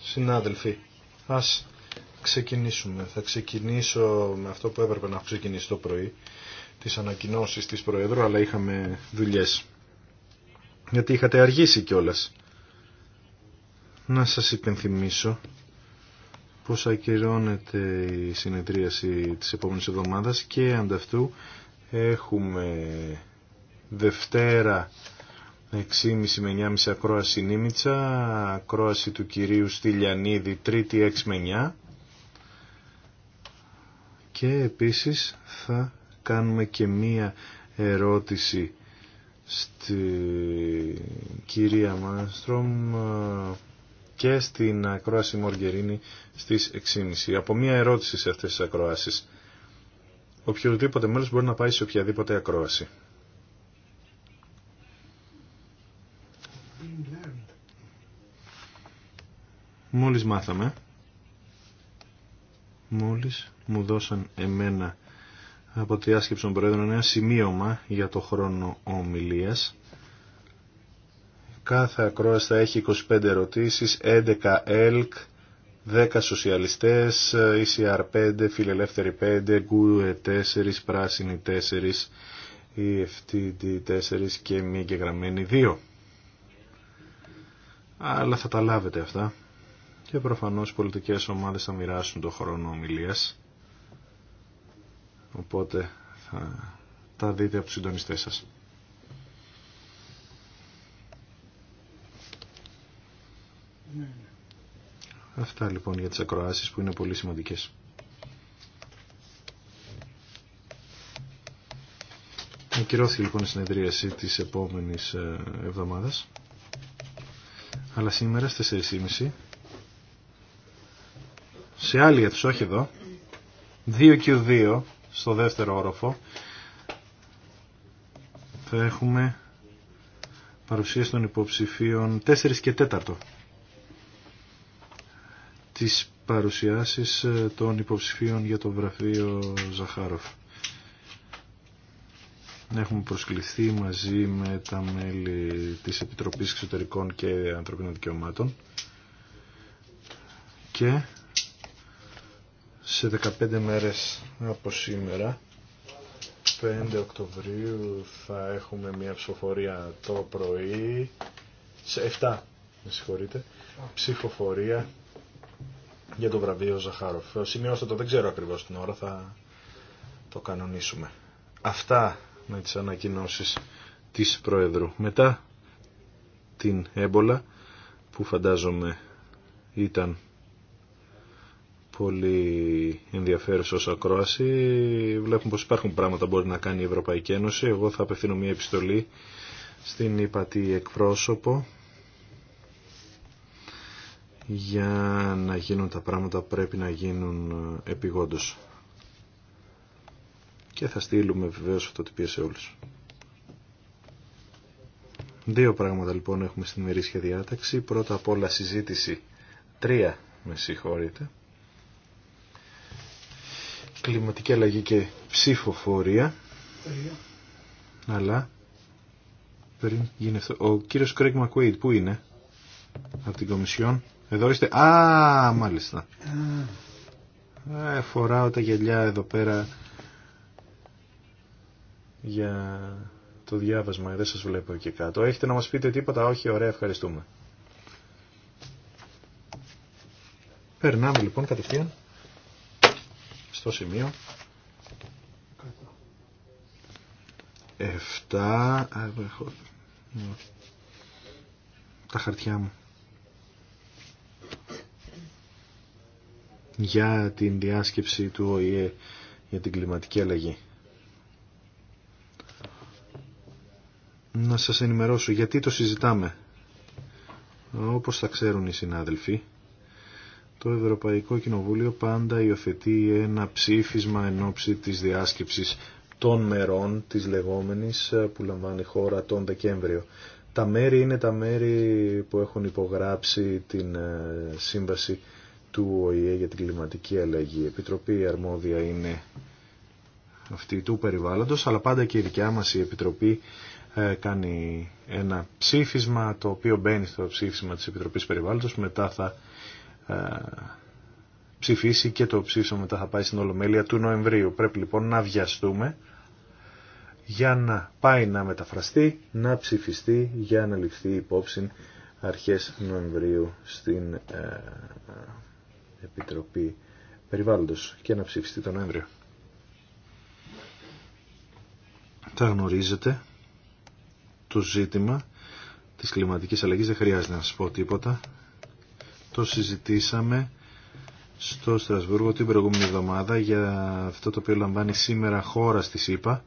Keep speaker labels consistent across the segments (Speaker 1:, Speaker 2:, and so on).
Speaker 1: Συνάδελφοι, ας ξεκινήσουμε. Θα ξεκινήσω με αυτό που έπρεπε να ξεκινήσει το πρωί, τις ανακοινώσεις της Προέδρου, αλλά είχαμε δουλειές. Γιατί είχατε αργήσει κιόλας. Να σας υπενθυμίσω πως ακυρώνεται η συνεδρίαση της επόμενης εβδομάδας και ανταυτού έχουμε Δευτέρα 6.30 με 9.30 ακρόαση Νίμιτσα, ακρόαση του κυρίου Στυλιανίδη, τρίτη 6 με 9. Και επίσης θα κάνουμε και μία ερώτηση στη κυρία Μάνστρομ ε, και στην ακρόαση Μοργερίνη στις 6.30. Από μία ερώτηση σε αυτές τις ακροάσεις. Οποιοδήποτε μέλος μπορεί να πάει σε οποιαδήποτε ακρόαση. Μόλις μάθαμε, μόλις μου δώσαν εμένα από τη άσκηψη των Προέδρων ένα σημείωμα για το χρόνο ομιλίας. Κάθε ακρόαση θα έχει 25 ερωτήσεις, 11 ΕΛΚ, 10 σοσιαλιστές, ECR 5, φιλελεύθεροι 5, γκουε 4, Πράσινη 4, EFTD 4 και μη εγγεγραμμένοι 2. Αλλά θα τα λάβετε αυτά και προφανώς οι πολιτικές ομάδες θα μοιράσουν το χρόνο ομιλίας. Οπότε θα τα δείτε από τους συντονιστές σας. Αυτά λοιπόν για τις ακροάσεις που είναι πολύ σημαντικές. Ακυρώθηκε λοιπόν η συνεδρίαση της επόμενης ε, εβδομάδας. Αλλά σήμερα στις 4.30 σε άλλη αίθουσα, όχι εδώ, 2Q2 στο δεύτερο όροφο θα έχουμε παρουσίαση των υποψηφίων 4 και 4 τις παρουσιάσεις ε, των υποψηφίων για το βραφείο Ζαχάροφ. Έχουμε προσκληθεί μαζί με τα μέλη της Επιτροπής Εξωτερικών και Ανθρωπίνων Δικαιωμάτων και σε 15 μέρες από σήμερα 5 Οκτωβρίου θα έχουμε μια ψηφοφορία το πρωί σε 7 με συγχωρείτε ψηφοφορία για το βραβείο Ζαχάροφ σημειώστε το δεν ξέρω ακριβώς την ώρα θα το κανονίσουμε αυτά με τις ανακοινώσεις της Προέδρου μετά την έμπολα που φαντάζομαι ήταν πολύ ενδιαφέρουσα ως ακρόαση. Βλέπουμε πως υπάρχουν πράγματα που μπορεί να κάνει η Ευρωπαϊκή Ένωση. Εγώ θα απευθύνω μια επιστολή στην υπατή εκπρόσωπο για να γίνουν τα πράγματα που πρέπει να γίνουν επιγόντως. Και θα στείλουμε βεβαίως το σε όλους. Δύο πράγματα λοιπόν έχουμε στην μερίσια διάταξη. Πρώτα απ' όλα συζήτηση. Τρία, με συγχωρείτε κλιματική αλλαγή και ψηφοφορία. Αλλά πριν γίνει αυτό. Ο κύριος Κρέκ Μακουέιτ, πού είναι? Από την Κομισιόν. Εδώ είστε. Α, μάλιστα. Ε, φοράω τα γελιά εδώ πέρα για το διάβασμα. Δεν σας βλέπω εκεί κάτω. Έχετε να μας πείτε τίποτα. Όχι, ωραία, ευχαριστούμε. Περνάμε λοιπόν κατευθείαν στο σημείο 7 έχω τα χαρτιά μου για την διάσκεψη του ΟΗΕ για την κλιματική αλλαγή. Να σας ενημερώσω γιατί το συζητάμε. Όπως θα ξέρουν οι συνάδελφοι, το Ευρωπαϊκό Κοινοβούλιο πάντα υιοθετεί ένα ψήφισμα εν ώψη της διάσκεψης των μερών της λεγόμενης ε, που λαμβάνει χώρα τον Δεκέμβριο. Τα μέρη είναι τα μέρη που έχουν υπογράψει την ε, σύμβαση του ΟΗΕ για την κλιματική αλλαγή. Η Επιτροπή αρμόδια είναι αυτή του περιβάλλοντος, αλλά πάντα και η δικιά μας η Επιτροπή ε, κάνει ένα ψήφισμα, το οποίο μπαίνει στο ψήφισμα της Επιτροπής Περιβάλλοντος, μετά θα ε, ψηφίσει και το ψήφισμα μετά θα πάει στην Ολομέλεια του Νοεμβρίου. Πρέπει λοιπόν να βιαστούμε για να πάει να μεταφραστεί, να ψηφιστεί για να ληφθεί υπόψη αρχές Νοεμβρίου στην ε, Επιτροπή Περιβάλλοντος και να ψηφιστεί τον Νοέμβριο. Τα γνωρίζετε το ζήτημα της κλιματικής αλλαγής δεν χρειάζεται να σας πω τίποτα το συζητήσαμε στο Στρασβούργο την προηγούμενη εβδομάδα για αυτό το οποίο λαμβάνει σήμερα χώρα στη ΣΥΠΑ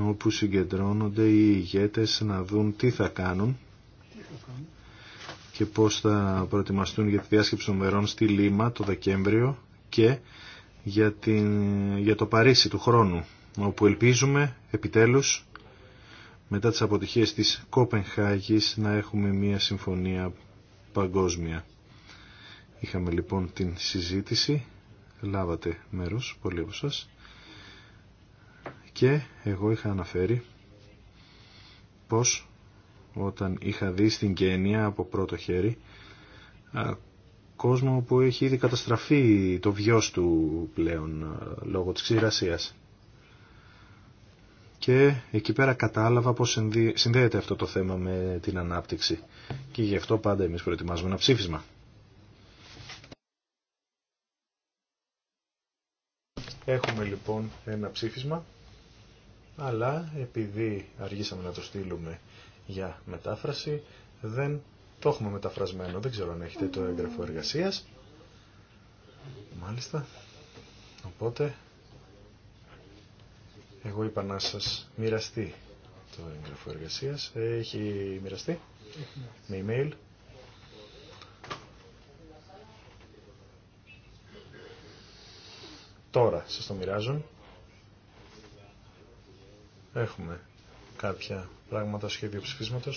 Speaker 1: όπου συγκεντρώνονται οι ηγέτες να δουν τι θα κάνουν και πώς θα προετοιμαστούν για τη διάσκεψη των μερών στη Λίμα το Δεκέμβριο και για, την, για το Παρίσι του χρόνου όπου ελπίζουμε επιτέλους μετά τις αποτυχίες της Κόπενχάγης να έχουμε μια συμφωνία παγκόσμια. Είχαμε λοιπόν την συζήτηση, λάβατε μέρος πολλοί από σας και εγώ είχα αναφέρει πως όταν είχα δει στην Κένια από πρώτο χέρι κόσμο που έχει ήδη καταστραφεί το βιός του πλέον λόγω της ξηρασίας και εκεί πέρα κατάλαβα πως συνδέεται αυτό το θέμα με την ανάπτυξη και γι' αυτό πάντα εμείς προετοιμάζουμε ένα ψήφισμα. Έχουμε λοιπόν ένα ψήφισμα, αλλά επειδή αργήσαμε να το στείλουμε για μετάφραση, δεν το έχουμε μεταφρασμένο. Δεν ξέρω αν έχετε το έγγραφο εργασίας. Μάλιστα. Οπότε εγώ είπα να σας μοιραστεί το έγγραφο εργασία. Έχει μοιραστεί με email. Τώρα σα το μοιράζουν. Έχουμε κάποια πράγματα σχέδιο ψηφίσματο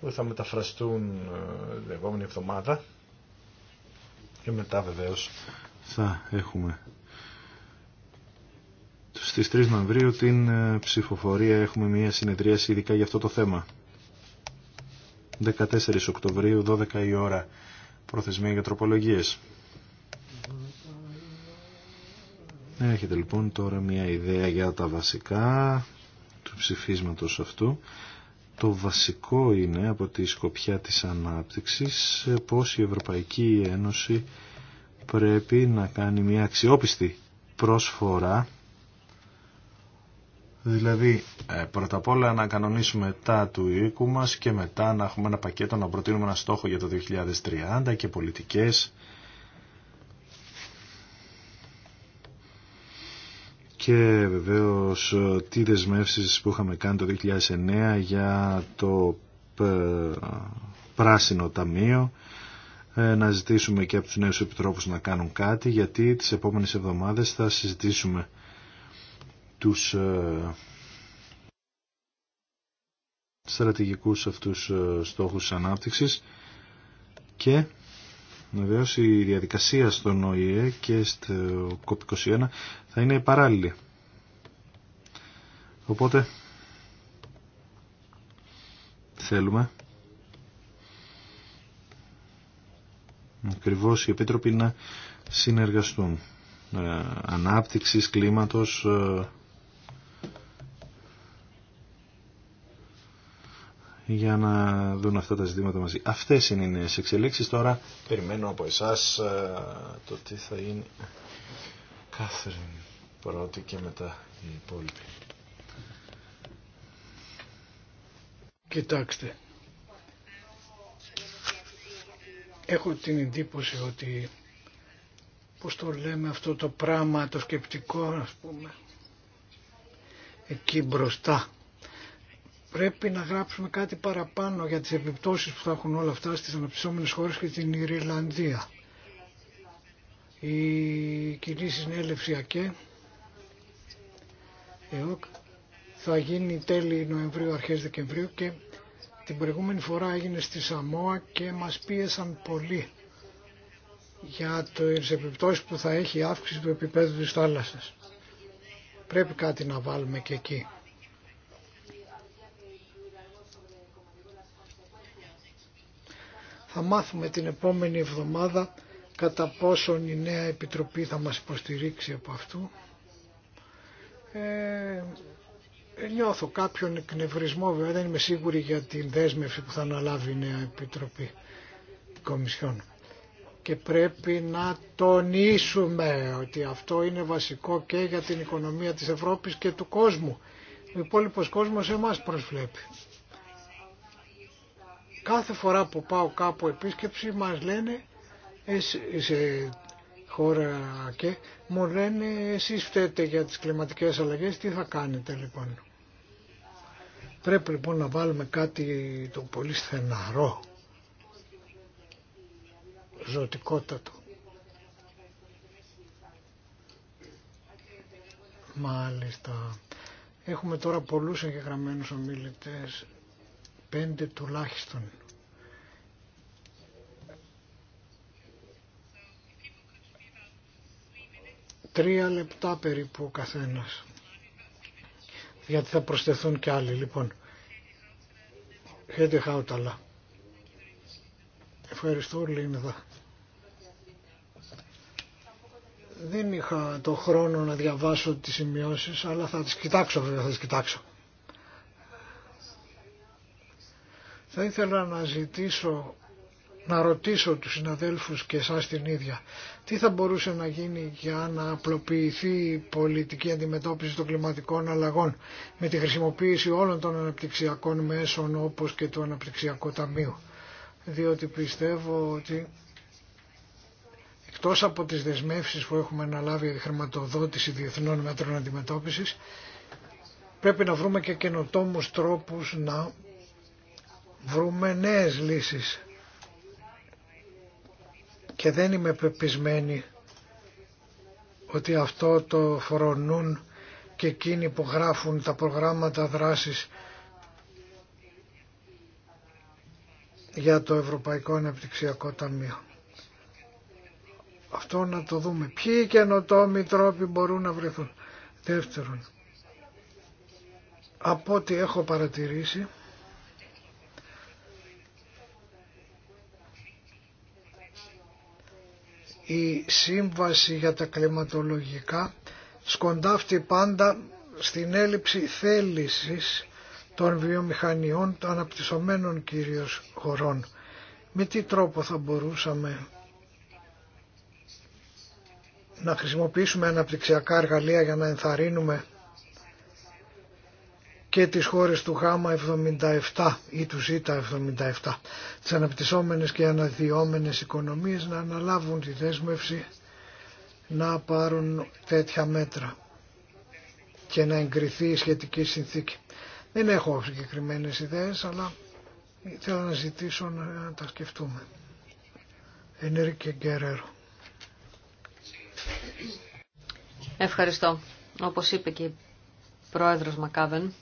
Speaker 1: που θα μεταφραστούν ε, την επόμενη εβδομάδα και μετά βεβαίω. θα έχουμε στις 3 Νοεμβρίου την ε, ψηφοφορία έχουμε μια συνεδρίαση ειδικά για αυτό το θέμα. 14 Οκτωβρίου, 12 η ώρα, προθεσμία για τροπολογίες. Έχετε λοιπόν τώρα μια ιδέα για τα βασικά του ψηφίσματος αυτού. Το βασικό είναι από τη σκοπιά της ανάπτυξης ε, πώς η Ευρωπαϊκή Ένωση πρέπει να κάνει μια αξιόπιστη πρόσφορα Δηλαδή, ε, πρώτα απ' όλα να κανονίσουμε τα του οίκου μας και μετά να έχουμε ένα πακέτο να προτείνουμε ένα στόχο για το 2030 και πολιτικές και βεβαίως ε, τι δεσμεύσεις που είχαμε κάνει το 2009 για το ε, πράσινο ταμείο να ζητήσουμε και από τους νέους επιτρόπους να κάνουν κάτι γιατί τις επόμενες εβδομάδες θα συζητήσουμε τους ε, στρατηγικούς αυτούς ε, στόχους ανάπτυξης και βεβαίω η διαδικασία στον ΟΗΕ και στο COP21 θα είναι παράλληλη. Οπότε θέλουμε ακριβώ οι επίτροποι να συνεργαστούν. Ε, ανάπτυξης, κλίματος, ε, για να δουν αυτά τα ζητήματα μαζί. Αυτές είναι οι νέες εξελίξεις. Τώρα περιμένω από εσάς ε, το τι θα γίνει Κάθριν πρώτη και μετά οι υπόλοιποι.
Speaker 2: Κοιτάξτε. Έχω την εντύπωση ότι πώς το λέμε αυτό το πράγμα, το σκεπτικό ας πούμε εκεί μπροστά πρέπει να γράψουμε κάτι παραπάνω για τις επιπτώσεις που θα έχουν όλα αυτά στις αναπτυσσόμενες χώρες και την Ιρλανδία. Η κοινή συνέλευση ΑΚΕ ΕΟΚ θα γίνει τέλη Νοεμβρίου, αρχές Δεκεμβρίου και την προηγούμενη φορά έγινε στη Σαμόα και μας πίεσαν πολύ για τις επιπτώσεις που θα έχει η αύξηση του επίπεδου της θάλασσας. Πρέπει κάτι να βάλουμε και εκεί. Θα μάθουμε την επόμενη εβδομάδα κατά πόσον η νέα επιτροπή θα μας υποστηρίξει από αυτού. Ε, νιώθω κάποιον εκνευρισμό βέβαια, δεν είμαι σίγουρη για την δέσμευση που θα αναλάβει η νέα επιτροπή Κομισιόν. Και πρέπει να τονίσουμε ότι αυτό είναι βασικό και για την οικονομία της Ευρώπης και του κόσμου. Ο υπόλοιπος κόσμος εμάς προσβλέπει. Κάθε φορά που πάω κάπου επίσκεψη μας λένε σε χώρα και μου λένε εσείς φταίτε για τις κλιματικές αλλαγές, τι θα κάνετε λοιπόν. Πρέπει λοιπόν να βάλουμε κάτι το πολύ στεναρό, ζωτικότατο. Μάλιστα. Έχουμε τώρα πολλούς εγγεγραμμένους ομιλητές πέντε τουλάχιστον. Τρία λεπτά περίπου ο καθένας. Γιατί θα προσθεθούν και άλλοι. Λοιπόν, χέντε χάουταλα. Ευχαριστώ Λίνδα. Δεν είχα το χρόνο να διαβάσω τις σημειώσεις, αλλά θα τις κοιτάξω βέβαια, θα τις κοιτάξω. Θα ήθελα να ζητήσω, να ρωτήσω τους συναδέλφους και εσάς την ίδια, τι θα μπορούσε να γίνει για να απλοποιηθεί η πολιτική αντιμετώπιση των κλιματικών αλλαγών με τη χρησιμοποίηση όλων των αναπτυξιακών μέσων όπως και του Αναπτυξιακού Ταμείου. Διότι πιστεύω ότι εκτός από τις δεσμεύσεις που έχουμε αναλάβει για τη χρηματοδότηση διεθνών μέτρων αντιμετώπισης, πρέπει να βρούμε και καινοτόμους τρόπους να βρούμε νέες λύσεις και δεν είμαι πεπισμένη ότι αυτό το φρονούν και εκείνοι που γράφουν τα προγράμματα δράσης για το Ευρωπαϊκό Αναπτυξιακό Ταμείο. Αυτό να το δούμε. Ποιοι καινοτόμοι τρόποι μπορούν να βρεθούν. Δεύτερον, από ό,τι έχω παρατηρήσει, η σύμβαση για τα κλιματολογικά σκοντάφτει πάντα στην έλλειψη θέλησης των βιομηχανιών, των αναπτυσσομένων κυρίως χωρών. Με τι τρόπο θα μπορούσαμε να χρησιμοποιήσουμε αναπτυξιακά εργαλεία για να ενθαρρύνουμε και τις χώρες του ΓΑΜΑ 77 ή του ΖΙΤΑ 77, τις αναπτυσσόμενες και αναδυόμενες οικονομίες να αναλάβουν τη δέσμευση να πάρουν τέτοια μέτρα και να εγκριθεί η σχετική συνθήκη. Δεν έχω συγκεκριμένε ιδέες, αλλά θέλω να ζητήσω να τα σκεφτούμε. Γκερέρο.
Speaker 3: Ευχαριστώ. Όπως είπε και η πρόεδρος Μακάβεν,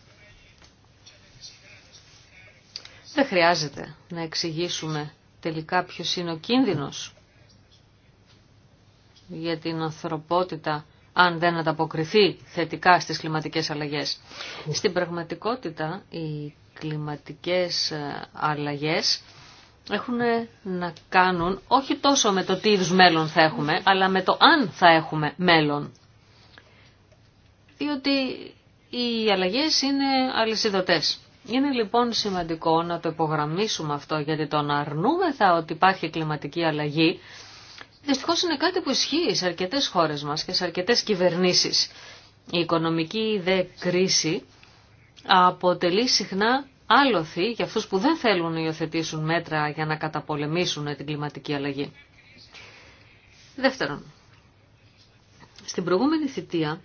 Speaker 3: Δεν χρειάζεται να εξηγήσουμε τελικά ποιος είναι ο κίνδυνος για την ανθρωπότητα αν δεν ανταποκριθεί θετικά στις κλιματικές αλλαγές. Στην πραγματικότητα οι κλιματικές ε, αλλαγές έχουν να κάνουν όχι τόσο με το τι είδους μέλλον θα έχουμε, αλλά με το αν θα έχουμε μέλλον. Διότι οι αλλαγές είναι αλυσιδωτές. Είναι λοιπόν σημαντικό να το υπογραμμίσουμε αυτό, γιατί το να αρνούμεθα ότι υπάρχει κλιματική αλλαγή, δυστυχώς είναι κάτι που ισχύει σε αρκετές χώρες μας και σε αρκετές κυβερνήσεις. Η οικονομική δε κρίση αποτελεί συχνά άλοθη για αυτούς που δεν θέλουν να υιοθετήσουν μέτρα για να καταπολεμήσουν την κλιματική αλλαγή. Δεύτερον, στην προηγούμενη θητεία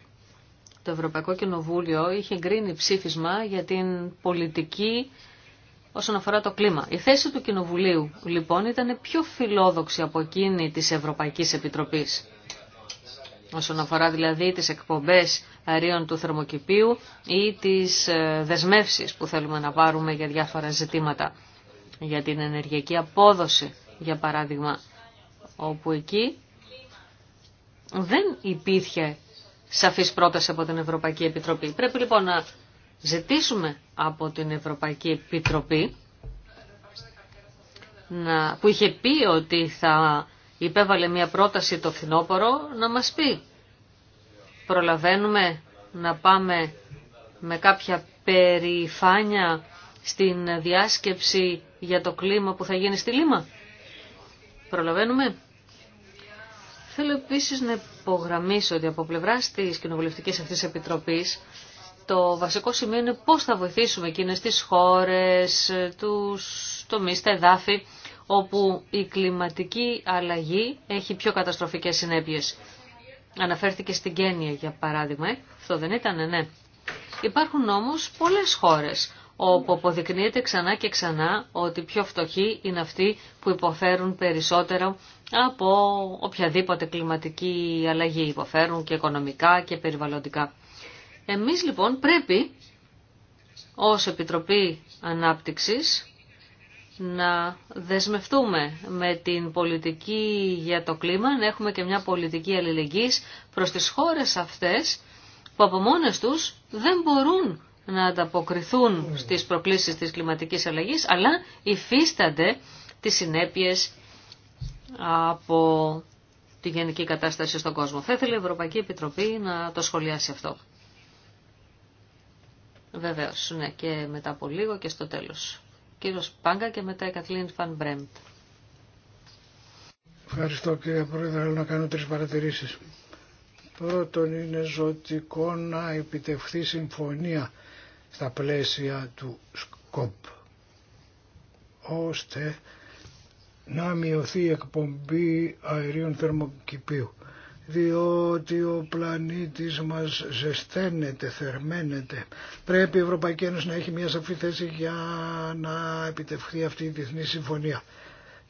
Speaker 3: το Ευρωπαϊκό Κοινοβούλιο είχε γκρίνει ψήφισμα για την πολιτική όσον αφορά το κλίμα. Η θέση του Κοινοβουλίου λοιπόν ήταν πιο φιλόδοξη από εκείνη της Ευρωπαϊκής Επιτροπής. Όσον αφορά δηλαδή τις εκπομπές αερίων του θερμοκηπίου ή τις ε, δεσμεύσεις που θέλουμε να πάρουμε για διάφορα ζητήματα. Για την ενεργειακή απόδοση για παράδειγμα, όπου εκεί δεν υπήρχε Σαφή πρόταση από την Ευρωπαϊκή Επιτροπή. Πρέπει λοιπόν να ζητήσουμε από την Ευρωπαϊκή Επιτροπή να, που είχε πει ότι θα υπέβαλε μια πρόταση το φθινόπωρο να μας πει προλαβαίνουμε να πάμε με κάποια περηφάνεια στην διάσκεψη για το κλίμα που θα γίνει στη Λίμα. Προλαβαίνουμε. Θέλω επίση να υπογραμμίσω ότι από πλευράς της κοινοβουλευτικής αυτής επιτροπής το βασικό σημείο είναι πώς θα βοηθήσουμε εκείνε τις χώρες, του τομεί τα εδάφη, όπου η κλιματική αλλαγή έχει πιο καταστροφικές συνέπειες. Αναφέρθηκε στην Κένια για παράδειγμα, ε, αυτό δεν ήταν, ναι. Υπάρχουν όμω πολλέ χώρες όπου αποδεικνύεται ξανά και ξανά ότι πιο φτωχοί είναι αυτοί που υποφέρουν περισσότερο από οποιαδήποτε κλιματική αλλαγή. Υποφέρουν και οικονομικά και περιβαλλοντικά. Εμείς λοιπόν πρέπει ως Επιτροπή Ανάπτυξης να δεσμευτούμε με την πολιτική για το κλίμα, να έχουμε και μια πολιτική αλληλεγγύης προς τις χώρες αυτές που από μόνες τους δεν μπορούν να ανταποκριθούν στις προκλήσεις της κλιματικής αλλαγής, αλλά υφίστανται τις συνέπειες από τη γενική κατάσταση στον κόσμο. Θα ήθελε η Ευρωπαϊκή Επιτροπή να το σχολιάσει αυτό. Βεβαίω, ναι, και μετά από λίγο και στο τέλος. Κύριος Πάγκα και μετά η Καθλίν Φαν Μπρέμπτ.
Speaker 2: Ευχαριστώ κύριε Πρόεδρε, να κάνω τρεις παρατηρήσεις. Πρώτον είναι ζωτικό να επιτευχθεί συμφωνία στα πλαίσια του ΣΚΟΠ ώστε να μειωθεί η εκπομπή αερίων θερμοκηπίου διότι ο πλανήτης μας ζεσταίνεται, θερμαίνεται. Πρέπει η Ευρωπαϊκή Ένωση να έχει μια σαφή θέση για να επιτευχθεί αυτή η διεθνή συμφωνία.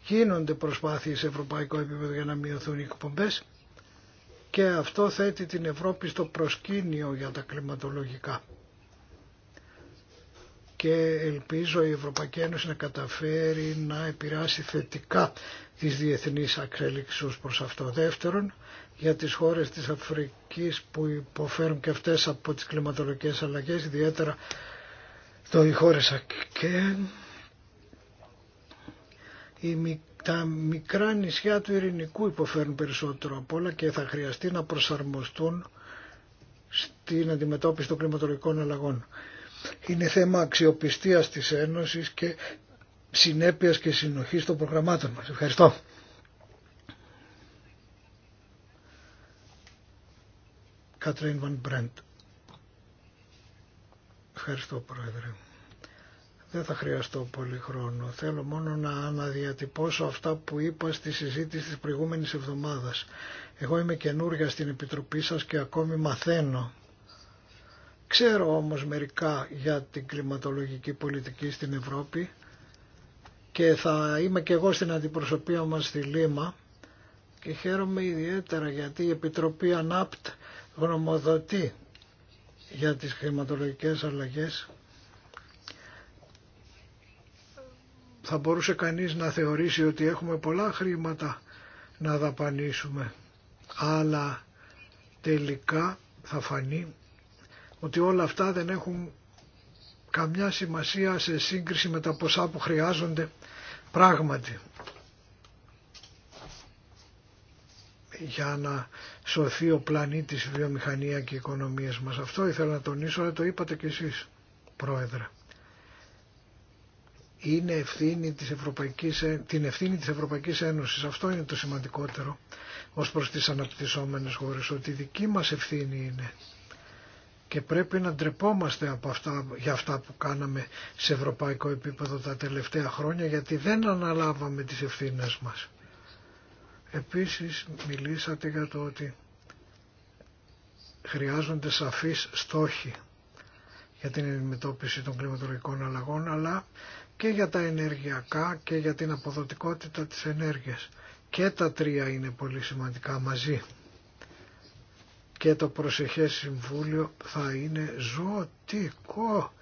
Speaker 2: Γίνονται προσπάθειες σε ευρωπαϊκό επίπεδο για να μειωθούν οι εκπομπές και αυτό θέτει την Ευρώπη στο προσκήνιο για τα κλιματολογικά και ελπίζω η Ευρωπαϊκή Ένωση να καταφέρει να επηρεάσει θετικά τις διεθνείς αξέλιξους προς αυτό. Δεύτερον, για τις χώρες της Αφρικής που υποφέρουν και αυτές από τις κλιματολογικές αλλαγές, ιδιαίτερα το οι χώρες η τα μικρά νησιά του Ειρηνικού υποφέρουν περισσότερο από όλα και θα χρειαστεί να προσαρμοστούν στην αντιμετώπιση των κλιματολογικών αλλαγών. Είναι θέμα αξιοπιστίας της Ένωσης και συνέπειας και συνοχής των προγραμμάτων μας. Ευχαριστώ. Κατρίν Βαν Μπρέντ. Ευχαριστώ Πρόεδρε. Δεν θα χρειαστώ πολύ χρόνο. Θέλω μόνο να αναδιατυπώσω αυτά που είπα στη συζήτηση της προηγούμενης εβδομάδας. Εγώ είμαι καινούρια στην Επιτροπή σας και ακόμη μαθαίνω. Ξέρω όμως μερικά για την κλιματολογική πολιτική στην Ευρώπη και θα είμαι και εγώ στην αντιπροσωπεία μας στη Λίμα και χαίρομαι ιδιαίτερα γιατί η Επιτροπή ΑΝΑΠΤ γνωμοδοτεί για τις κλιματολογικές αλλαγές. Θα μπορούσε κανείς να θεωρήσει ότι έχουμε πολλά χρήματα να δαπανίσουμε αλλά τελικά θα φανεί ότι όλα αυτά δεν έχουν καμιά σημασία σε σύγκριση με τα ποσά που χρειάζονται πράγματι για να σωθεί ο πλανήτης η βιομηχανία και οι οικονομίες μας. Αυτό ήθελα να τονίσω, αλλά το είπατε κι εσείς, Πρόεδρε. Είναι ευθύνη της Ευρωπαϊκής, ε, την ευθύνη της Ευρωπαϊκής Ένωσης. Αυτό είναι το σημαντικότερο ως προς τις αναπτυσσόμενες χώρες, ότι δική μας ευθύνη είναι και πρέπει να ντρεπόμαστε από αυτά, για αυτά που κάναμε σε ευρωπαϊκό επίπεδο τα τελευταία χρόνια γιατί δεν αναλάβαμε τις ευθύνες μας. Επίσης μιλήσατε για το ότι χρειάζονται σαφείς στόχοι για την αντιμετώπιση των κλιματολογικών αλλαγών αλλά και για τα ενεργειακά και για την αποδοτικότητα της ενέργειας. Και τα τρία είναι πολύ σημαντικά μαζί και το προσεχές συμβούλιο θα είναι ζωτικό.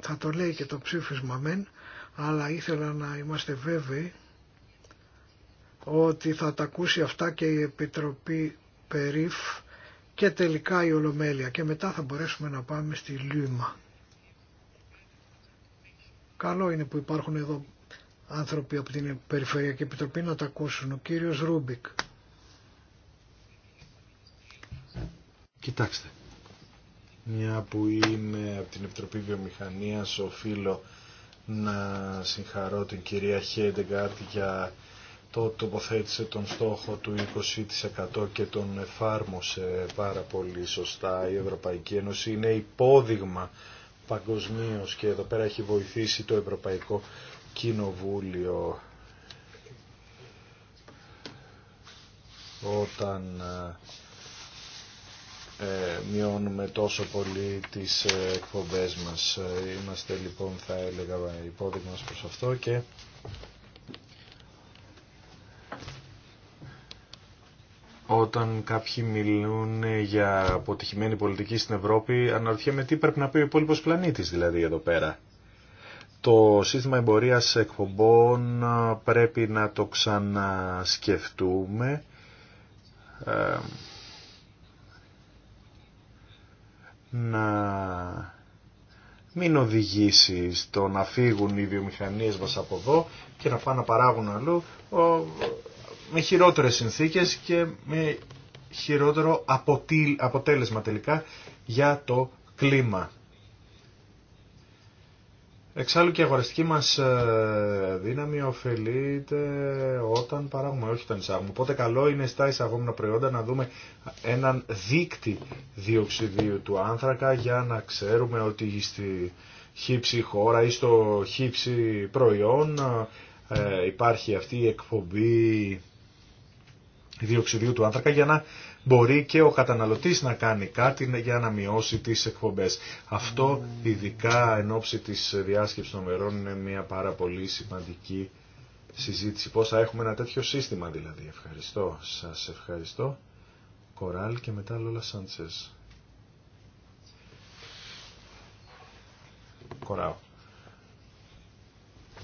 Speaker 2: Θα το λέει και το ψήφισμα μεν, αλλά ήθελα να είμαστε βέβαιοι ότι θα τα ακούσει αυτά και η Επιτροπή Περίφ και τελικά η Ολομέλεια και μετά θα μπορέσουμε να πάμε στη Λίμα. Καλό είναι που υπάρχουν εδώ άνθρωποι από την Περιφερειακή Επιτροπή να τα ακούσουν. Ο κύριος Ρούμπικ.
Speaker 1: Κοιτάξτε, μια που είμαι από την Επιτροπή Βιομηχανίας, οφείλω να συγχαρώ την κυρία Χέντεγκαρτ για το τοποθέτησε τον στόχο του 20% και τον εφάρμοσε πάρα πολύ σωστά η Ευρωπαϊκή Ένωση. Είναι υπόδειγμα παγκοσμίω και εδώ πέρα έχει βοηθήσει το Ευρωπαϊκό Κοινοβούλιο όταν ε, ε, μειώνουμε τόσο πολύ τις ε, εκπομπές μας. Ε, είμαστε λοιπόν θα έλεγα υπόδειγμα προς αυτό και όταν κάποιοι μιλούν για αποτυχημένη πολιτική στην Ευρώπη αναρωτιέμαι τι πρέπει να πει ο υπόλοιπο πλανήτης δηλαδή εδώ πέρα. Το σύστημα εμπορίας εκπομπών πρέπει να το ξανασκεφτούμε να μην οδηγήσει στο να φύγουν οι βιομηχανίε μα από εδώ και να πάνε να παράγουν αλλού με χειρότερες συνθήκες και με χειρότερο αποτέλεσμα τελικά για το κλίμα. Εξάλλου και η αγοραστική μας ε, δύναμη ωφελείται όταν παράγουμε, όχι όταν εισάγουμε. Οπότε καλό είναι στα εισαγόμενα προϊόντα να δούμε έναν δείκτη διοξιδίου του άνθρακα για να ξέρουμε ότι στη χύψη χώρα ή στο χύψη προϊόν ε, υπάρχει αυτή η εκπομπή διοξιδίου του άνθρακα για να μπορεί και ο καταναλωτής να κάνει κάτι για να μειώσει τις εκπομπές. Αυτό ειδικά εν ώψη της διάσκεψης των μερών είναι μια πάρα πολύ σημαντική συζήτηση. Πώς θα έχουμε ένα τέτοιο σύστημα δηλαδή. Ευχαριστώ. Σας ευχαριστώ. Κοράλ και μετά Λόλα Σάντσες.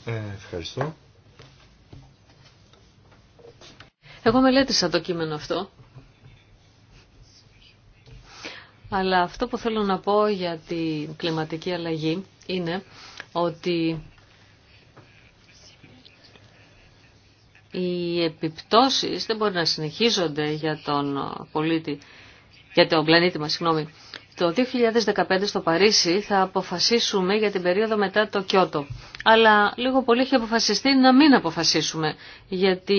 Speaker 1: Ε, ευχαριστώ.
Speaker 3: Εγώ μελέτησα το κείμενο αυτό Αλλά αυτό που θέλω να πω για την κλιματική αλλαγή είναι ότι οι επιπτώσεις δεν μπορεί να συνεχίζονται για τον πολίτη, για τον πλανήτη μας, συγγνώμη. Το 2015 στο Παρίσι θα αποφασίσουμε για την περίοδο μετά το Κιώτο. Αλλά λίγο πολύ έχει αποφασιστεί να μην αποφασίσουμε. Γιατί...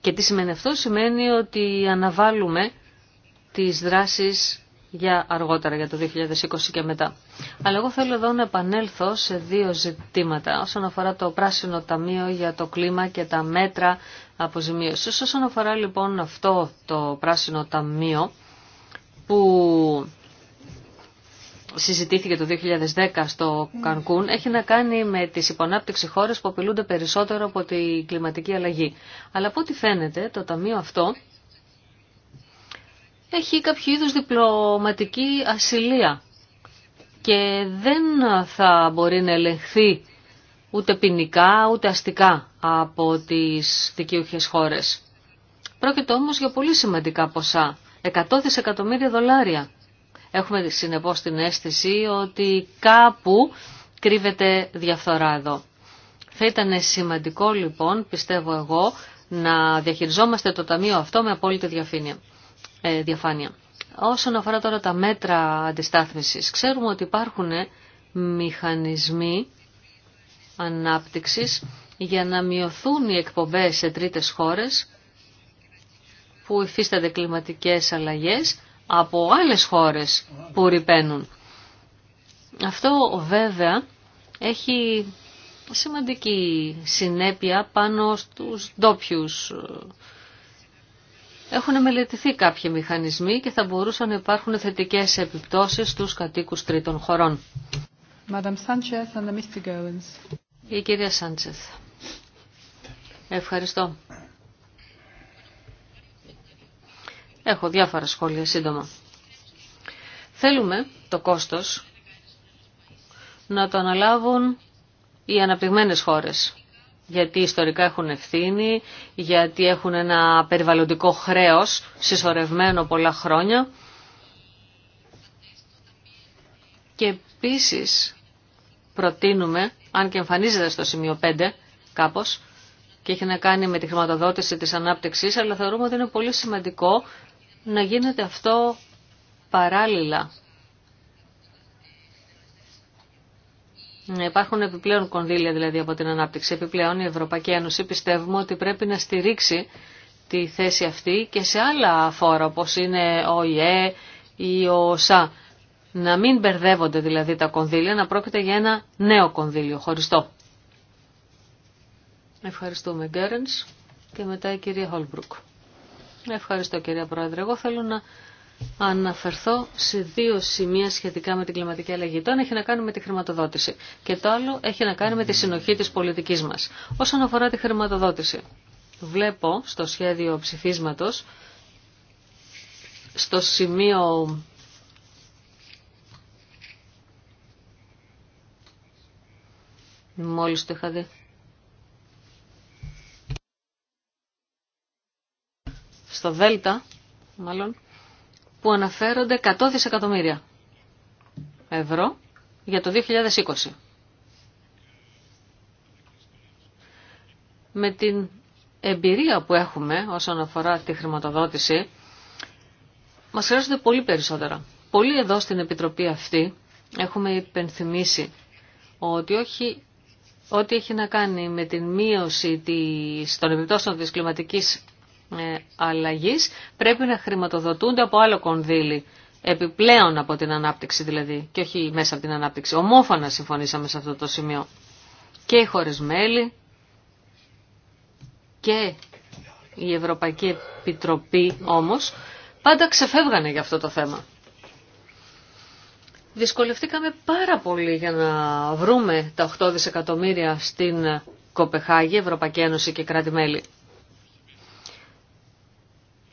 Speaker 3: Και τι σημαίνει αυτό, σημαίνει ότι αναβάλουμε τις δράσεις για αργότερα, για το 2020 και μετά. Αλλά εγώ θέλω εδώ να επανέλθω σε δύο ζητήματα όσον αφορά το πράσινο ταμείο για το κλίμα και τα μέτρα αποζημίωσης. Όσον αφορά λοιπόν αυτό το πράσινο ταμείο που συζητήθηκε το 2010 στο Κανκούν έχει να κάνει με τις υπονάπτυξη χώρες που απειλούνται περισσότερο από την κλιματική αλλαγή. Αλλά από ό,τι φαίνεται το ταμείο αυτό έχει κάποιο είδους διπλωματική ασυλία και δεν θα μπορεί να ελεγχθεί ούτε ποινικά ούτε αστικά από τις δικαιούχες χώρες. Πρόκειται όμως για πολύ σημαντικά ποσά, 100 δισεκατομμύρια δολάρια. Έχουμε συνεπώς την αίσθηση ότι κάπου κρύβεται διαφθορά εδώ. Θα ήταν σημαντικό λοιπόν, πιστεύω εγώ, να διαχειριζόμαστε το ταμείο αυτό με απόλυτη διαφήνεια. Ε, διαφάνεια. Όσον αφορά τώρα τα μέτρα αντιστάθμισης, ξέρουμε ότι υπάρχουν μηχανισμοί ανάπτυξης για να μειωθούν οι εκπομπές σε τρίτες χώρες που υφίστανται κλιματικές αλλαγές από άλλες χώρες που ρηπαίνουν. Αυτό βέβαια έχει σημαντική συνέπεια πάνω στους ντόπιου ε, έχουν μελετηθεί κάποιοι μηχανισμοί και θα μπορούσαν να υπάρχουν θετικές επιπτώσεις στους κατοίκους τρίτων χωρών. Η κυρία Σάντσεθ. Ευχαριστώ. Έχω διάφορα σχόλια σύντομα. Θέλουμε το κόστος να το αναλάβουν οι αναπτυγμένες χώρες γιατί ιστορικά έχουν ευθύνη, γιατί έχουν ένα περιβαλλοντικό χρέος συσσωρευμένο πολλά χρόνια. Και επίσης προτείνουμε, αν και εμφανίζεται στο σημείο 5 κάπως, και έχει να κάνει με τη χρηματοδότηση της ανάπτυξης, αλλά θεωρούμε ότι είναι πολύ σημαντικό να γίνεται αυτό παράλληλα Υπάρχουν επιπλέον κονδύλια δηλαδή από την ανάπτυξη. Επιπλέον η Ευρωπαϊκή Ένωση πιστεύουμε ότι πρέπει να στηρίξει τη θέση αυτή και σε άλλα φόρα όπως είναι ο ΙΕ ή ο ΣΑ. Να μην μπερδεύονται δηλαδή τα κονδύλια, να πρόκειται για ένα νέο κονδύλιο χωριστό. Ευχαριστούμε Γκέρενς και μετά η κυρία Χολμπρουκ. Ευχαριστώ κυρία Πρόεδρε. Εγώ θέλω να αναφερθώ σε δύο σημεία σχετικά με την κλιματική αλλαγή. Το ένα έχει να κάνει με τη χρηματοδότηση και το άλλο έχει να κάνει με τη συνοχή της πολιτικής μας. Όσον αφορά τη χρηματοδότηση, βλέπω στο σχέδιο ψηφίσματος, στο σημείο... Μόλις το είχα δει. Στο Δέλτα, μάλλον, που αναφέρονται 100 δισεκατομμύρια ευρώ για το 2020. Με την εμπειρία που έχουμε όσον αφορά τη χρηματοδότηση, μας χρειάζονται πολύ περισσότερα. Πολύ εδώ στην Επιτροπή αυτή έχουμε υπενθυμίσει ότι όχι ό,τι έχει να κάνει με την μείωση των επιπτώσεων της κλιματικής ε, αλλαγής πρέπει να χρηματοδοτούνται από άλλο κονδύλι, επιπλέον από την ανάπτυξη δηλαδή, και όχι μέσα από την ανάπτυξη. Ομόφωνα συμφωνήσαμε σε αυτό το σημείο. Και οι χώρες μέλη και η Ευρωπαϊκή Επιτροπή όμως πάντα ξεφεύγανε για αυτό το θέμα. Δυσκολευτήκαμε πάρα πολύ για να βρούμε τα 8 δισεκατομμύρια στην Κοπεχάγη, Ευρωπαϊκή Ένωση και κράτη-μέλη.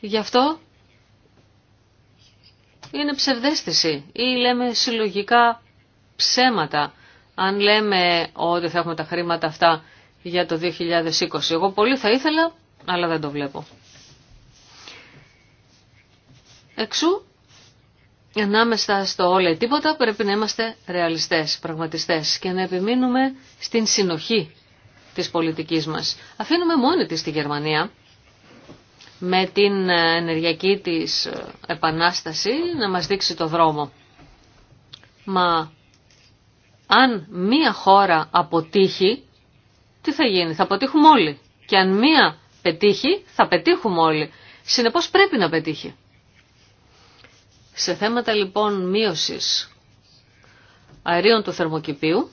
Speaker 3: Γι' αυτό είναι ψευδέστηση ή λέμε συλλογικά ψέματα αν λέμε ότι θα έχουμε τα χρήματα αυτά για το 2020. Εγώ πολύ θα ήθελα, αλλά δεν το βλέπω. Εξού, ανάμεσα στο όλα ή τίποτα, πρέπει να είμαστε ρεαλιστές, πραγματιστές και να επιμείνουμε στην συνοχή της πολιτικής μας. Αφήνουμε μόνη της τη Γερμανία με την ενεργειακή της επανάσταση να μας δείξει το δρόμο. Μα αν μία χώρα αποτύχει, τι θα γίνει, θα αποτύχουμε όλοι. Και αν μία πετύχει, θα πετύχουμε όλοι. Συνεπώς πρέπει να πετύχει. Σε θέματα λοιπόν μείωσης αερίων του θερμοκηπίου,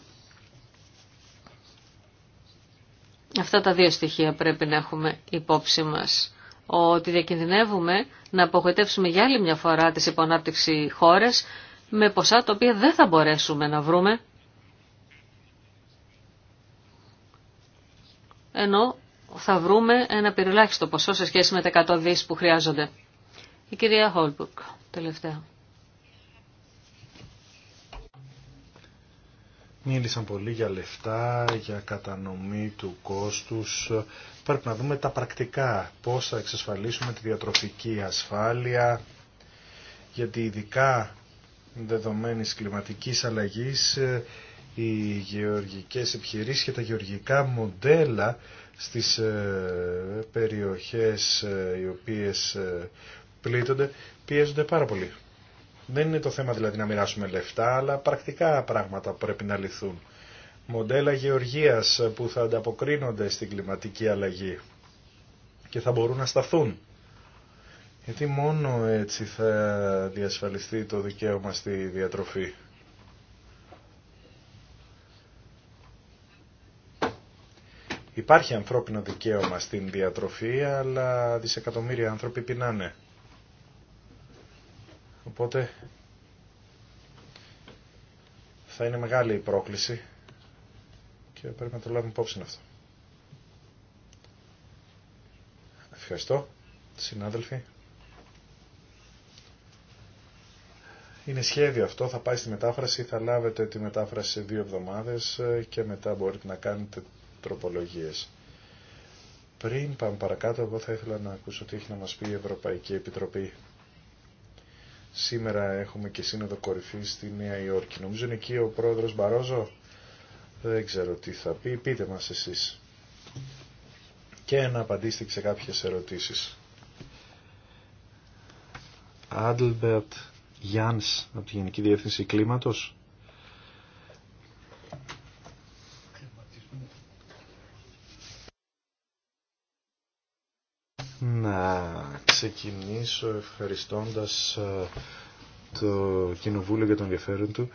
Speaker 3: αυτά τα δύο στοιχεία πρέπει να έχουμε υπόψη μας ότι διακινδυνεύουμε να απογοητεύσουμε για άλλη μια φορά τις υποανάπτυξη χώρες με ποσά τα οποία δεν θα μπορέσουμε να βρούμε ενώ θα βρούμε ένα περιλάχιστο ποσό σε σχέση με τα 100 δις που χρειάζονται. Η κυρία Χόλμπουκ, τελευταία.
Speaker 1: Μίλησαν πολύ για λεφτά, για κατανομή του κόστους. Πρέπει να δούμε τα πρακτικά, πώς θα εξασφαλίσουμε τη διατροφική ασφάλεια, γιατί ειδικά δεδομένης κλιματικής αλλαγής οι γεωργικές επιχειρήσεις και τα γεωργικά μοντέλα στις ε, περιοχές ε, οι οποίες ε, πλήττονται πιέζονται πάρα πολύ. Δεν είναι το θέμα δηλαδή να μοιράσουμε λεφτά, αλλά πρακτικά πράγματα που πρέπει να λυθούν. Μοντέλα γεωργίας που θα ανταποκρίνονται στην κλιματική αλλαγή και θα μπορούν να σταθούν. Γιατί μόνο έτσι θα διασφαλιστεί το δικαίωμα στη διατροφή. Υπάρχει ανθρώπινο δικαίωμα στην διατροφή, αλλά δισεκατομμύρια άνθρωποι πεινάνε. Οπότε θα είναι μεγάλη η πρόκληση και πρέπει να το λάβουμε υπόψη αυτό. Ευχαριστώ, συνάδελφοι. Είναι σχέδιο αυτό, θα πάει στη μετάφραση, θα λάβετε τη μετάφραση σε δύο εβδομάδες και μετά μπορείτε να κάνετε τροπολογίες. Πριν πάμε παρακάτω, εγώ θα ήθελα να ακούσω τι έχει να μας πει η Ευρωπαϊκή Επιτροπή. Σήμερα έχουμε και σύνοδο κορυφή στη Νέα Υόρκη. Νομίζω είναι εκεί ο πρόεδρος Μπαρόζο. Δεν ξέρω τι θα πει. Πείτε μας εσείς. Και να απαντήσετε σε κάποιε ερωτήσεις. Άντλμπερτ Γιάννη από τη Γενική Διεύθυνση Κλίματος. ξεκινήσω ευχαριστώντας ε, το Κοινοβούλιο για τον ενδιαφέρον του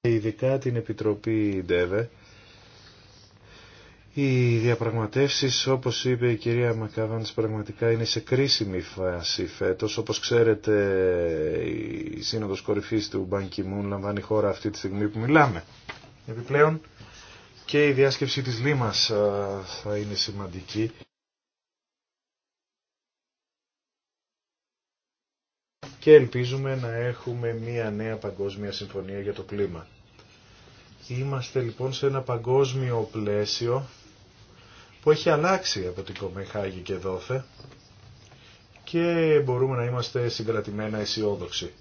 Speaker 1: ειδικά την Επιτροπή ΔΕΒΕ. Οι διαπραγματεύσεις, όπως είπε η κυρία Μακάβανς, πραγματικά είναι σε κρίσιμη φάση φέτος. Όπως ξέρετε, η Σύνοδος Κορυφής του Μπανκιμούν λαμβάνει χώρα αυτή τη στιγμή που μιλάμε. Επιπλέον, και η διάσκεψη της Λίμας ε, θα είναι σημαντική. και ελπίζουμε να έχουμε μια νέα παγκόσμια συμφωνία για το κλίμα. Είμαστε λοιπόν σε ένα παγκόσμιο πλαίσιο που έχει αλλάξει από την Κομεχάγη και δόθε και μπορούμε να είμαστε συγκρατημένα αισιόδοξοι.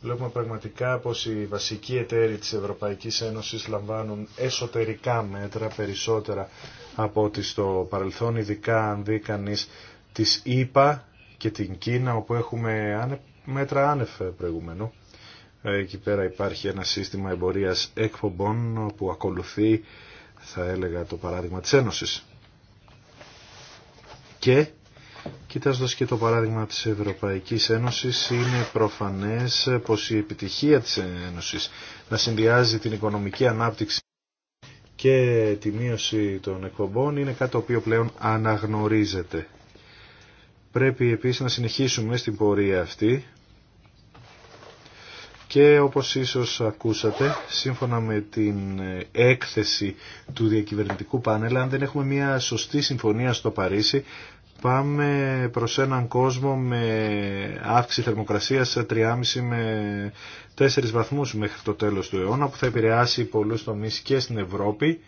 Speaker 1: Βλέπουμε πραγματικά πως οι βασικοί εταίροι της Ευρωπαϊκής Ένωσης λαμβάνουν εσωτερικά μέτρα περισσότερα από ό,τι στο παρελθόν, ειδικά αν δει κανείς της ΕΠΑ και την Κίνα, όπου έχουμε άνευ μέτρα άνευ προηγουμένου. Εκεί πέρα υπάρχει ένα σύστημα εμπορίας εκπομπών που ακολουθεί, θα έλεγα, το παράδειγμα της Ένωσης. Και, κοιτάζοντας και το παράδειγμα της Ευρωπαϊκής Ένωσης, είναι προφανές πως η επιτυχία της Ένωσης να συνδυάζει την οικονομική ανάπτυξη και τη μείωση των εκπομπών είναι κάτι το οποίο πλέον αναγνωρίζεται Πρέπει επίσης να συνεχίσουμε στην πορεία αυτή και όπως ίσως ακούσατε, σύμφωνα με την ε, έκθεση του διακυβερνητικού πάνελ, αν δεν έχουμε μια σωστή συμφωνία στο Παρίσι, πάμε προς έναν κόσμο με αύξηση θερμοκρασίας 3,5 με 4 βαθμούς μέχρι το τέλος του αιώνα, που θα επηρεάσει πολλούς τομείς και στην Ευρώπη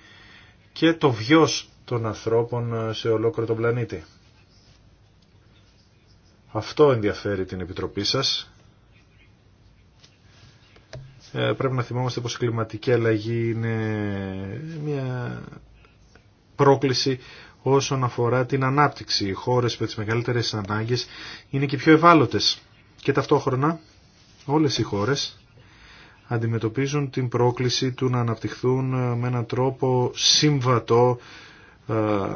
Speaker 1: και το βιός των ανθρώπων σε ολόκληρο τον πλανήτη. Αυτό ενδιαφέρει την Επιτροπή σας. Ε, πρέπει να θυμόμαστε πως η κλιματική αλλαγή είναι μια πρόκληση όσον αφορά την ανάπτυξη. Οι χώρες με τις μεγαλύτερες ανάγκες είναι και πιο ευάλωτες. Και ταυτόχρονα όλες οι χώρες αντιμετωπίζουν την πρόκληση του να αναπτυχθούν ε, με έναν τρόπο συμβατό ε,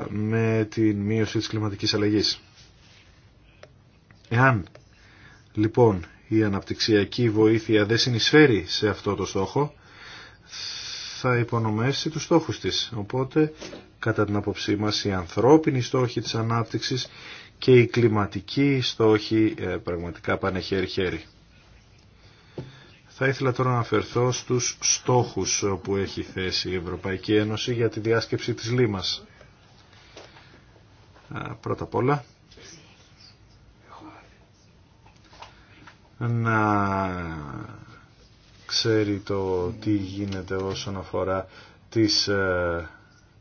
Speaker 1: με την μείωση της κλιματικής αλλαγής. Εάν λοιπόν η αναπτυξιακή βοήθεια δεν συνεισφέρει σε αυτό το στόχο, θα υπονομεύσει τους στόχους της. Οπότε, κατά την απόψή μας, οι ανθρώπινοι στόχοι της ανάπτυξης και οι κλιματικοί στόχοι ε, πραγματικά πάνε χέρι-χέρι. Θα ήθελα τώρα να αναφερθώ στους στόχους που έχει θέσει η Ευρωπαϊκή Ένωση για τη διάσκεψη της Λίμας. Πρώτα απ' όλα, να ξέρει το τι γίνεται όσον αφορά τις ε,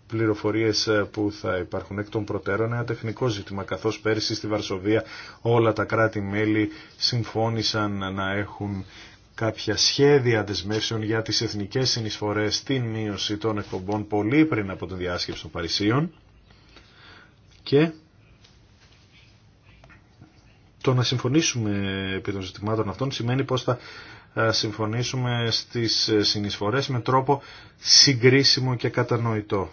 Speaker 1: πληροφορίες ε, που θα υπάρχουν εκ των προτέρων ένα τεχνικό ζήτημα καθώς πέρσι στη Βαρσοβία όλα τα κράτη-μέλη συμφώνησαν να έχουν κάποια σχέδια δεσμεύσεων για τις εθνικές συνεισφορές στην μείωση των εκπομπών πολύ πριν από την διάσκεψη των Παρισίων και το να συμφωνήσουμε επί των ζητημάτων αυτών σημαίνει πως θα ε, συμφωνήσουμε στις ε, συνεισφορές με τρόπο συγκρίσιμο και κατανοητό.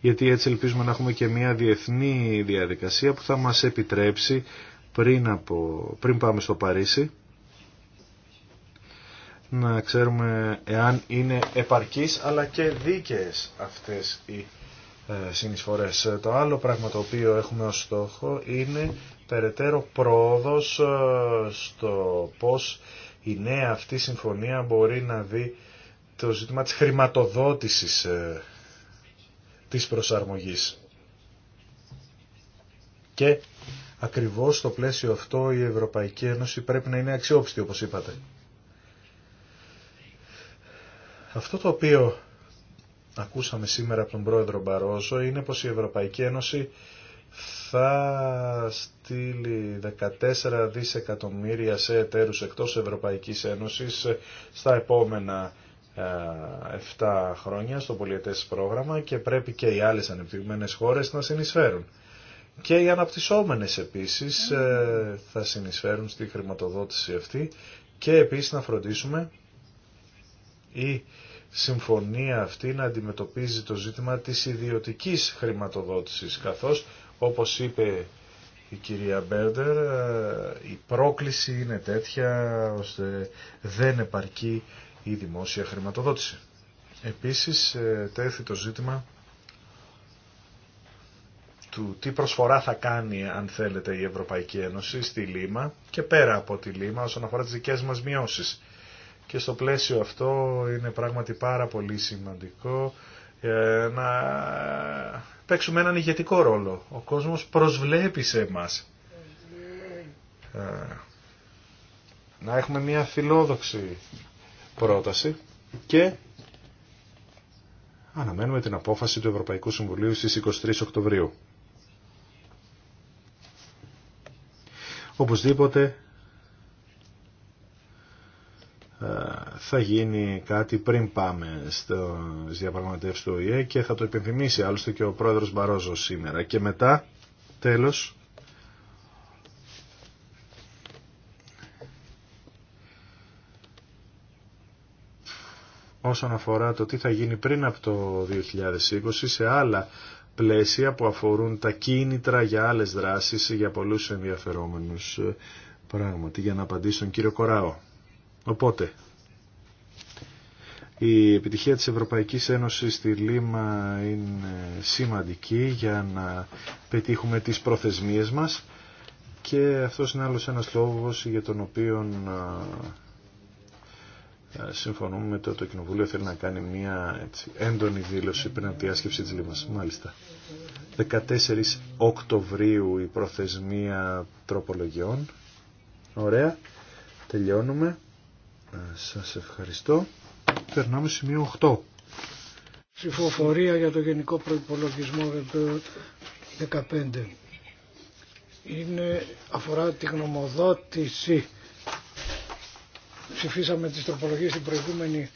Speaker 1: Γιατί έτσι ελπίζουμε να έχουμε και μια διεθνή διαδικασία που θα μας επιτρέψει πριν, από, πριν πάμε στο Παρίσι να ξέρουμε εάν είναι επαρκείς αλλά και δίκαιες αυτές οι ε, συνεισφορές. Ε, το άλλο πράγμα το οποίο έχουμε ως στόχο είναι περαιτέρω πρόοδος ε, στο πώς η νέα αυτή συμφωνία μπορεί να δει το ζήτημα της χρηματοδότησης της προσαρμογής. Και ακριβώς στο πλαίσιο αυτό η Ευρωπαϊκή Ένωση πρέπει να είναι αξιόπιστη όπως είπατε. Αυτό το οποίο ακούσαμε σήμερα από τον πρόεδρο Μπαρόζο είναι πως η Ευρωπαϊκή Ένωση θα στείλει 14 δισεκατομμύρια σε εταίρους εκτός Ευρωπαϊκής Ένωσης στα επόμενα 7 χρόνια στο πολιετές πρόγραμμα και πρέπει και οι άλλες ανεπτυγμένες χώρες να συνεισφέρουν. Και οι αναπτυσσόμενες επίσης ε, θα συνεισφέρουν στη χρηματοδότηση αυτή και επίσης να φροντίσουμε η συμφωνία αυτή να αντιμετωπίζει το ζήτημα της ιδιωτικής χρηματοδότησης, καθώς, όπως είπε η κυρία Μπέρντερ, ε, η πρόκληση είναι τέτοια ώστε δεν επαρκεί η δημόσια χρηματοδότηση. Επίσης, ε, τέθη το ζήτημα του τι προσφορά θα κάνει αν θέλετε η Ευρωπαϊκή Ένωση στη Λίμα και πέρα από τη Λίμα όσον αφορά τις δικές μας μειώσεις. Και στο πλαίσιο αυτό είναι πράγματι πάρα πολύ σημαντικό ε, να παίξουμε έναν ηγετικό ρόλο. Ο κόσμος προσβλέπει σε εμάς. Ε, να έχουμε μια φιλόδοξη πρόταση και αναμένουμε την απόφαση του Ευρωπαϊκού Συμβουλίου στις 23 Οκτωβρίου. Οπωσδήποτε θα γίνει κάτι πριν πάμε στο διαπραγματεύσεις του ΟΗΕ και θα το υπενθυμίσει άλλωστε και ο πρόεδρος Μπαρόζο σήμερα. Και μετά, τέλος, όσον αφορά το τι θα γίνει πριν από το 2020 σε άλλα πλαίσια που αφορούν τα κίνητρα για άλλες δράσεις για πολλούς ενδιαφερόμενους πράγματι για να απαντήσω τον κύριο Κοράο. Οπότε, η επιτυχία της Ευρωπαϊκής Ένωσης στη Λίμα είναι σημαντική για να πετύχουμε τις προθεσμίες μας και αυτός είναι άλλος ένας λόγος για τον οποίο συμφωνούμε με το, το Κοινοβούλιο θέλει να κάνει μια έτσι, έντονη δήλωση πριν από τη άσκηση της Λίμας. Μάλιστα. 14 Οκτωβρίου η προθεσμία τροπολογιών. Ωραία. Τελειώνουμε. Σας ευχαριστώ. Περνάμε σημείο 8.
Speaker 2: Ψηφοφορία για το Γενικό Προϋπολογισμό για το 15 Είναι, αφορά τη γνωμοδότηση. Ψηφίσαμε τις τροπολογίες στην προηγούμενη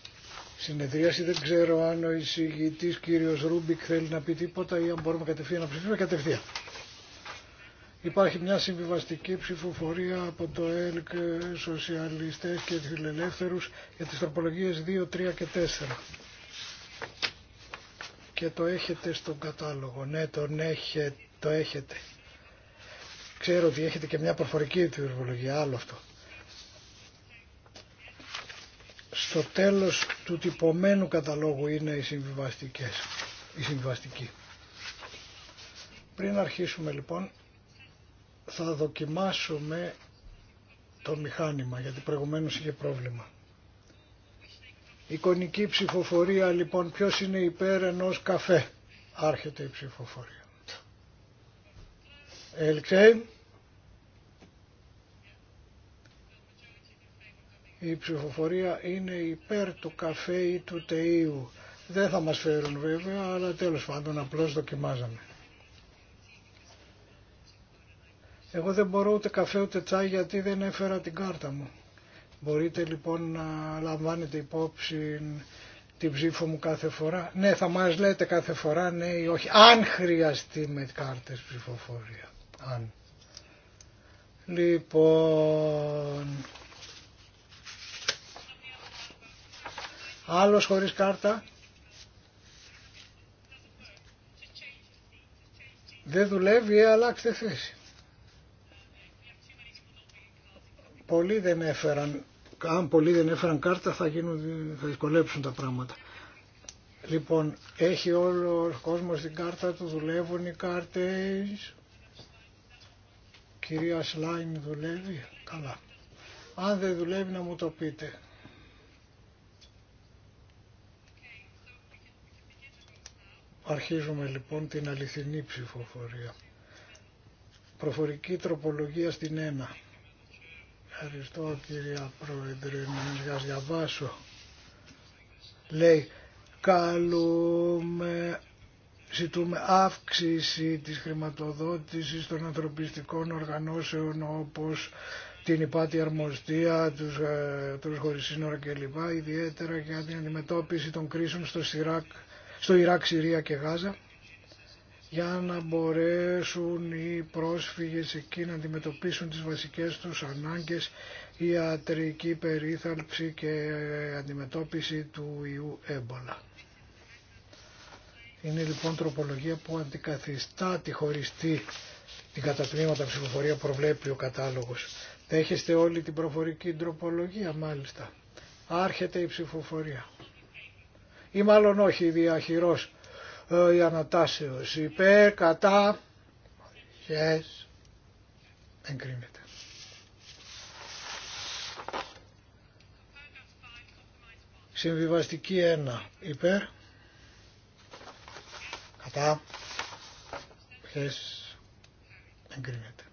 Speaker 2: συνεδρίαση. Δεν ξέρω αν ο εισηγητής κύριος Ρούμπικ θέλει να πει τίποτα ή αν μπορούμε κατευθείαν να ψηφίσουμε κατευθείαν. Υπάρχει μια συμβιβαστική ψηφοφορία από το ΕΛΚ, σοσιαλιστές και φιλελεύθερους για τις τροπολογίες 2, 3 και 4. Και το έχετε στον κατάλογο. Ναι, το έχετε. Ξέρω ότι έχετε και μια προφορική τροπολογία, άλλο αυτό. Στο τέλος του τυπωμένου καταλόγου είναι οι συμβιβαστικές, οι συμβιβαστικοί. Πριν αρχίσουμε λοιπόν, θα δοκιμάσουμε το μηχάνημα γιατί προηγουμένως είχε πρόβλημα. Εικονική ψηφοφορία λοιπόν ποιος είναι υπέρ ενός καφέ. Άρχεται η ψηφοφορία. Έλξε. Η ψηφοφορία είναι υπέρ του καφέ ή του τεΐου. Δεν θα μας φέρουν βέβαια, αλλά τέλος πάντων απλώς δοκιμάζαμε. Εγώ δεν μπορώ ούτε καφέ ούτε τσάι γιατί δεν έφερα την κάρτα μου. Μπορείτε λοιπόν να λαμβάνετε υπόψη την ψήφο μου κάθε φορά. Ναι, θα μας λέτε κάθε φορά ναι ή όχι. Αν χρειαστεί με κάρτες ψηφοφορία. Αν. Λοιπόν... Άλλος χωρίς κάρτα. Δεν δουλεύει, ε, αλλάξτε θέση. Πολλοί δεν έφεραν, αν πολλοί δεν έφεραν κάρτα θα, γίνουν, θα δυσκολέψουν τα πράγματα. Λοιπόν, έχει όλο ο κόσμος την κάρτα του, δουλεύουν οι κάρτες. Κυρία Σλάιν δουλεύει, καλά. Αν δεν δουλεύει να μου το πείτε. Αρχίζουμε λοιπόν την αληθινή ψηφοφορία. Προφορική τροπολογία στην 1. Ευχαριστώ κυρία Πρόεδρε, να σας διαβάσω. Λέει, καλούμε, ζητούμε αύξηση της χρηματοδότησης των ανθρωπιστικών οργανώσεων όπως την υπάτη αρμοστία, τους, ε, τους χωρίς σύνορα κλπ. Ιδιαίτερα για την αντιμετώπιση των κρίσεων στο, Σιράκ, στο Ιράκ, Συρία και Γάζα για να μπορέσουν οι πρόσφυγες εκεί να αντιμετωπίσουν τις βασικές τους ανάγκες, ιατρική περίθαλψη και αντιμετώπιση του ιού έμπολα. Είναι λοιπόν τροπολογία που αντικαθιστά τη χωριστή την κατατμήματα ψηφοφορία που προβλέπει ο κατάλογος. Δέχεστε όλη την προφορική τροπολογία μάλιστα. Άρχεται η ψηφοφορία. Ή μάλλον όχι, διαχειρός ε, η ανατάσεως υπέρ κατά χες εγκρίνεται. Συμβιβαστική 1 υπέρ κατά χες εγκρίνεται.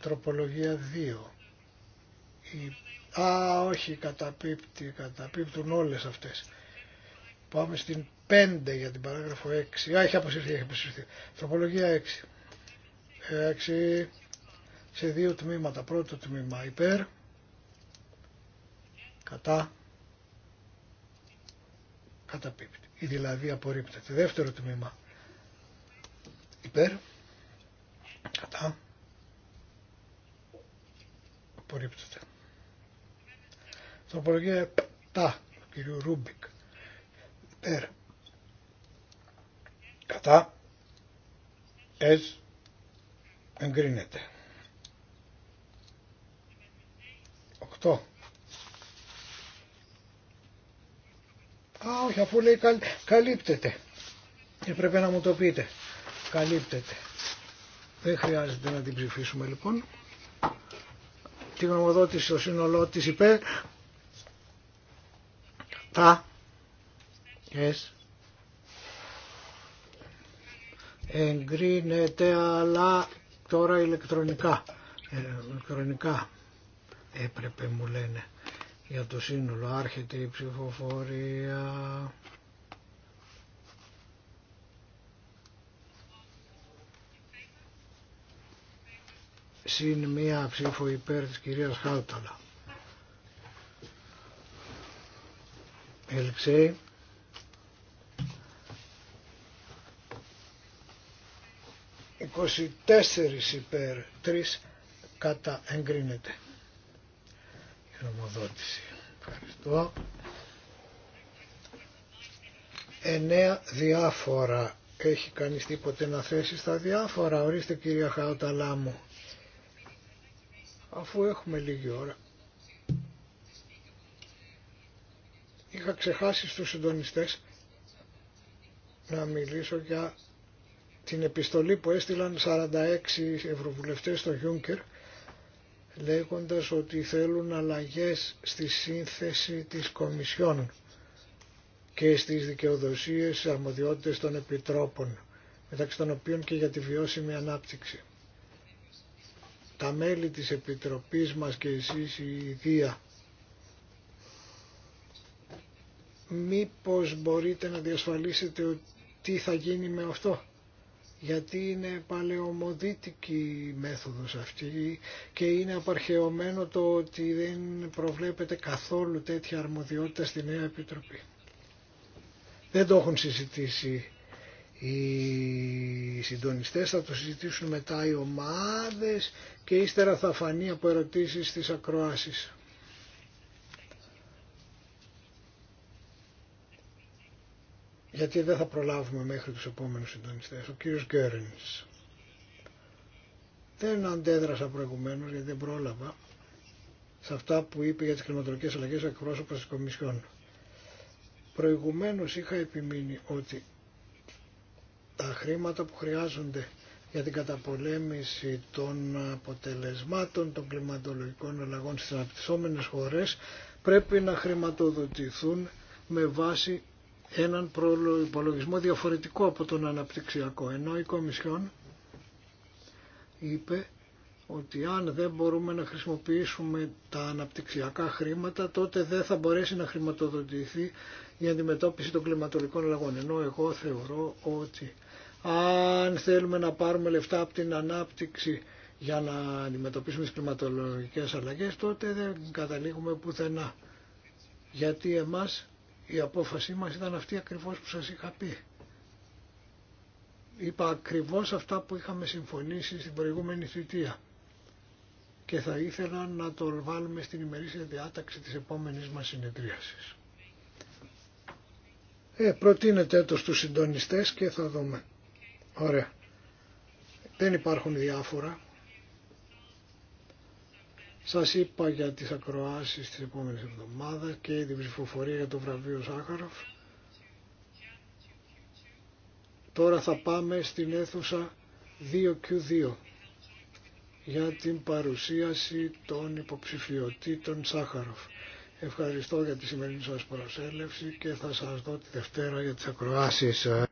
Speaker 2: Τροπολογία 2 η... Α, όχι, καταπίπτει, καταπίπτουν όλες αυτές. Πάμε στην 5 για την παράγραφο 6. Α, έχει αποσυρθεί, έχει αποσυρθεί. Τροπολογία 6. 6 σε δύο τμήματα. Πρώτο τμήμα υπέρ, κατά, καταπίπτει. Ή δηλαδή απορρίπτεται. Δεύτερο τμήμα υπέρ, κατά, απορρίπτεται. Τροπολογία 7 του κυρίου Ρούμπικ. Υπέρ, Κατά. Εσ. Εγκρίνεται. Οκτώ. Α, όχι, αφού λέει καλύπτεται. Και ε, πρέπει να μου το πείτε. Καλύπτεται. Δεν χρειάζεται να την ψηφίσουμε λοιπόν. Τη γνωμοδότηση ο σύνολό τη είπε Τα. εγκρίνεται αλλά τώρα ηλεκτρονικά. Ε, ηλεκτρονικά έπρεπε μου λένε για το σύνολο. Άρχεται η ψηφοφορία. Συν μία ψήφο υπέρ της κυρίας Χάλταλα Ελξέι 24 υπέρ 3 κατά εγκρίνεται η νομοδότηση. Ευχαριστώ. 9 διάφορα. Έχει κανεί τίποτε να θέσει στα διάφορα. Ορίστε κυρία Χαοταλά μου. Αφού έχουμε λίγη ώρα. Είχα ξεχάσει στους συντονιστές να μιλήσω για την επιστολή που έστειλαν 46 ευρωβουλευτές στο Γιούνκερ λέγοντας ότι θέλουν αλλαγές στη σύνθεση της Κομισιόν και στις δικαιοδοσίες αρμοδιότητες των επιτρόπων, μεταξύ των οποίων και για τη βιώσιμη ανάπτυξη. Τα μέλη της Επιτροπής μας και εσείς η Ιδία, μήπως μπορείτε να διασφαλίσετε τι θα γίνει με αυτό γιατί είναι παλαιομοδίτικη μέθοδος αυτή και είναι απαρχαιωμένο το ότι δεν προβλέπεται καθόλου τέτοια αρμοδιότητα στη Νέα Επιτροπή. Δεν το έχουν συζητήσει οι συντονιστές, θα το συζητήσουν μετά οι ομάδες και ύστερα θα φανεί από ερωτήσεις στις ακροάσεις. γιατί δεν θα προλάβουμε μέχρι τους επόμενους συντονιστές. Ο κύριος Γκέρνης. Δεν αντέδρασα προηγουμένως γιατί δεν πρόλαβα σε αυτά που είπε για τις κλιματολογικές αλλαγές ο εκπρόσωπος της Κομισιόν. Προηγουμένως είχα επιμείνει ότι τα χρήματα που χρειάζονται για την καταπολέμηση των αποτελεσμάτων των κλιματολογικών αλλαγών στις αναπτυσσόμενες χώρες πρέπει να χρηματοδοτηθούν με βάση έναν προπολογισμό διαφορετικό από τον αναπτυξιακό. Ενώ η Κομισιόν είπε ότι αν δεν μπορούμε να χρησιμοποιήσουμε τα αναπτυξιακά χρήματα τότε δεν θα μπορέσει να χρηματοδοτηθεί η αντιμετώπιση των κλιματολογικών αλλαγών. Ενώ εγώ θεωρώ ότι αν θέλουμε να πάρουμε λεφτά από την ανάπτυξη για να αντιμετωπίσουμε τις κλιματολογικές αλλαγές τότε δεν καταλήγουμε πουθενά. Γιατί εμάς η απόφασή μας ήταν αυτή ακριβώς που σας είχα πει. Είπα ακριβώς αυτά που είχαμε συμφωνήσει στην προηγούμενη θητεία και θα ήθελα να το βάλουμε στην ημερήσια διάταξη της επόμενης μας συνεδρίασης. Ε, προτείνεται το στους συντονιστές και θα δούμε. Ωραία. Δεν υπάρχουν διάφορα. Σας είπα για τις ακροάσεις της επόμενη εβδομάδα και την ψηφοφορία για το βραβείο Σάχαροφ. Τώρα θα πάμε στην αίθουσα 2Q2 για την παρουσίαση των υποψηφιωτήτων Σάχαροφ. Ευχαριστώ για τη σημερινή σας προσέλευση και θα σας δω τη Δευτέρα για τις ακροάσεις.